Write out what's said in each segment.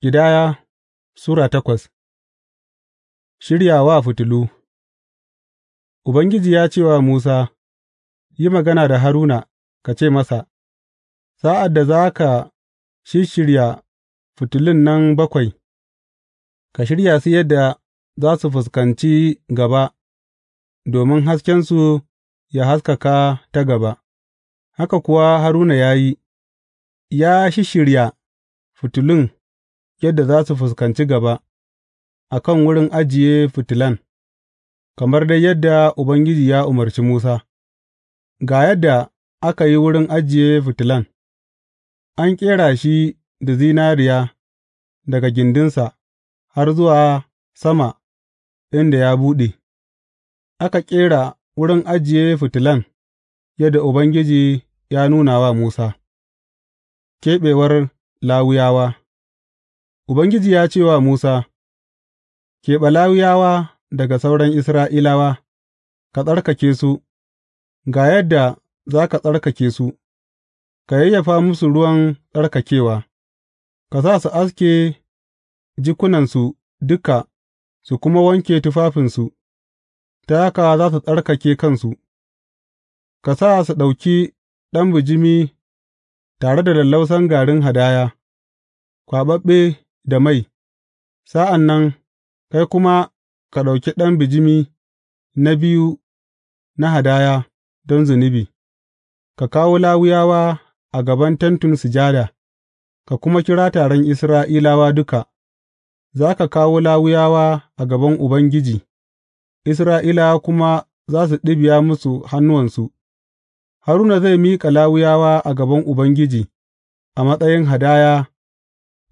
Ƙidaya Sura takwas Shirya wa fitilu Ubangiji ya ce wa Musa, Yi magana da Haruna, ka ce masa, Sa'ad da za ka shishirya fitilun nan bakwai, ka shirya su yadda za su fuskanci gaba, domin haskensu ya haskaka ta gaba, haka kuwa Haruna ya yi, ya shirya fitilun. yadda za su fuskanci gaba, a kan wurin ajiye fitilan, kamar dai yadda Ubangiji ya umarci Musa, ga yadda aka yi wurin ajiye fitilan, an ƙera shi da zinariya daga gindinsa har zuwa sama inda ya buɗe, aka ƙera wurin ajiye fitilan yadda Ubangiji ya nuna wa Musa. Keɓewar lawuyawa. Ubangiji ya ce wa Musa, Keɓe Lawiyawa daga sauran Isra'ilawa, ka tsarkake su, ga yadda za ka tsarkake su, ka yayyafa musu ruwan tsarkakewa, ka sa su aske jikunansu duka su kuma wanke tufafinsu, ta haka za su tsarkake kansu, ka sa su ɗauki ɗan bijimi tare da lallausan garin hadaya, kwaɓaɓɓe da mai, sa'an nan kai kuma ka ɗauki ɗan bijimi na biyu na hadaya don zunubi, ka kawo Lawiyawa a gaban Tentin Sujada, ka kuma kira taron Isra'ilawa duka, za ka kawo Lawiyawa a gaban Ubangiji, Isra'ilawa kuma za su ɗibiya musu hannuwansu, Haruna zai miƙa Lawiyawa a gaban Ubangiji a matsayin hadaya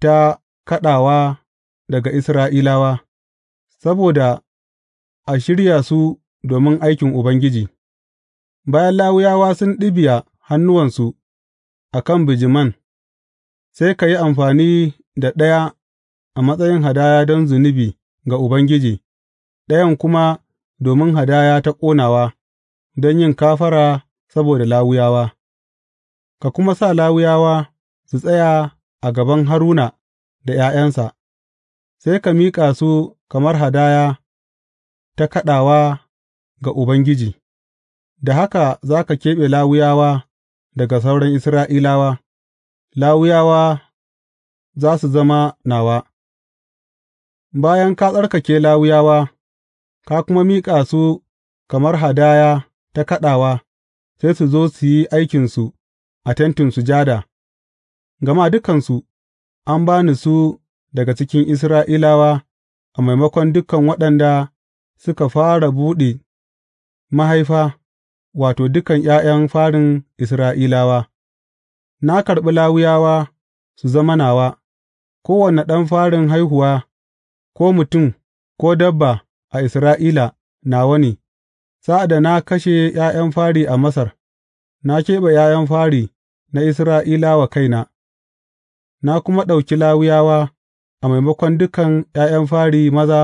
ta kaɗawa daga Isra'ilawa, saboda a shirya su domin aikin Ubangiji, bayan lawuyawa sun ɗibiya hannuwansu a kan bijiman, sai ka yi amfani da ɗaya a matsayin hadaya don zunubi ga Ubangiji, ɗayan kuma domin hadaya ta ƙonawa, don yin kafara saboda lawuyawa, ka kuma sa lawuyawa su tsaya a gaban Haruna. da ’ya'yansa, sai ka miƙa su kamar hadaya ta kaɗawa ga Ubangiji, da haka za ka keɓe lawuyawa daga sauran Isra'ilawa, lawuyawa za su zama nawa, bayan ka tsarkake lawuyawa ka kuma miƙa su kamar hadaya ta kaɗawa, sai su zo su yi aikinsu a Tentin Sujada, gama dukansu. An ba ni su daga cikin Isra'ilawa a maimakon dukan waɗanda suka fara buɗe mahaifa wato, dukan ’ya'yan farin Isra'ilawa, na karɓi Lawiyawa su zama nawa, kowane ɗan farin haihuwa, ko mutum, ko dabba a Isra'ila, nawa ne, sa'ad da na kashe ’ya'yan fari a Masar, na keɓe ’ya'yan fari na Isra'ilawa kaina. na kuma ɗauki Lawiyawa a maimakon dukan ’ya'yan fari maza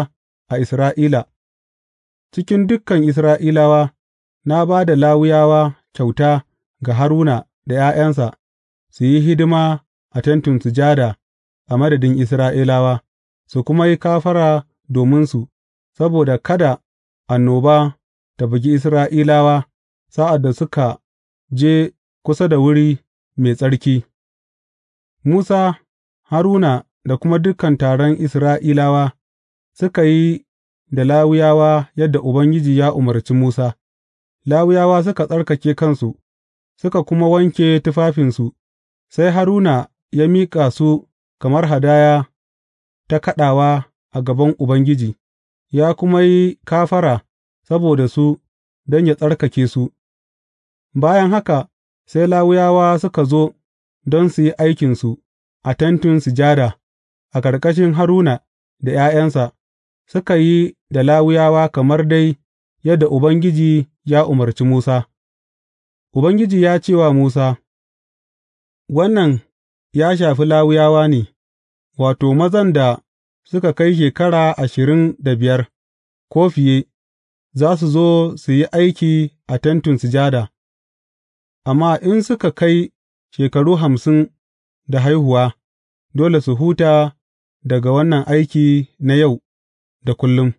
a Isra'ila, cikin dukan Isra'ilawa, na ba da Lawiyawa kyauta ga Haruna da ’ya'yansa su yi hidima a Tentin Sujada a madadin Isra'ilawa, su kuma yi kafara dominsu, saboda kada annoba ta bugi Isra'ilawa sa'ad da suka je kusa da wuri mai tsarki. Musa, Haruna da kuma dukan taron Isra'ilawa suka yi da Lawiyawa yadda Ubangiji ya umarci Musa, Lawiyawa suka tsarkake kansu, suka kuma wanke tufafinsu, sai Haruna ya miƙa su kamar hadaya ta kaɗawa a gaban Ubangiji, ya kuma yi kafara saboda su don ya tsarkake su, bayan haka sai Lawiyawa suka zo. don su yi aikinsu a Tentin Sujada a ƙarƙashin Haruna da ’ya'yansa, suka yi da Lawiyawa kamar dai yadda Ubangiji ya umarci Musa. Ubangiji ya ce wa Musa, Wannan ya shafi Lawiyawa ne, wato, mazan da suka kai shekara ashirin da biyar ko fiye, za su zo su yi aiki a Tentin Sujada, amma in suka kai shekaru hamsin da haihuwa, dole su huta daga wannan aiki na yau da kullum,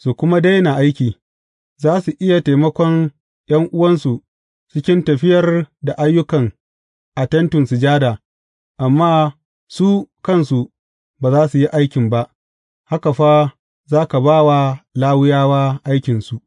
su kuma daina aiki, za su iya taimakon ’yan'uwansu cikin tafiyar da ayyukan a Tentin Sujada, amma su kansu ba za su yi aikin ba, haka fa za ka ba wa Lawiyawa aikinsu.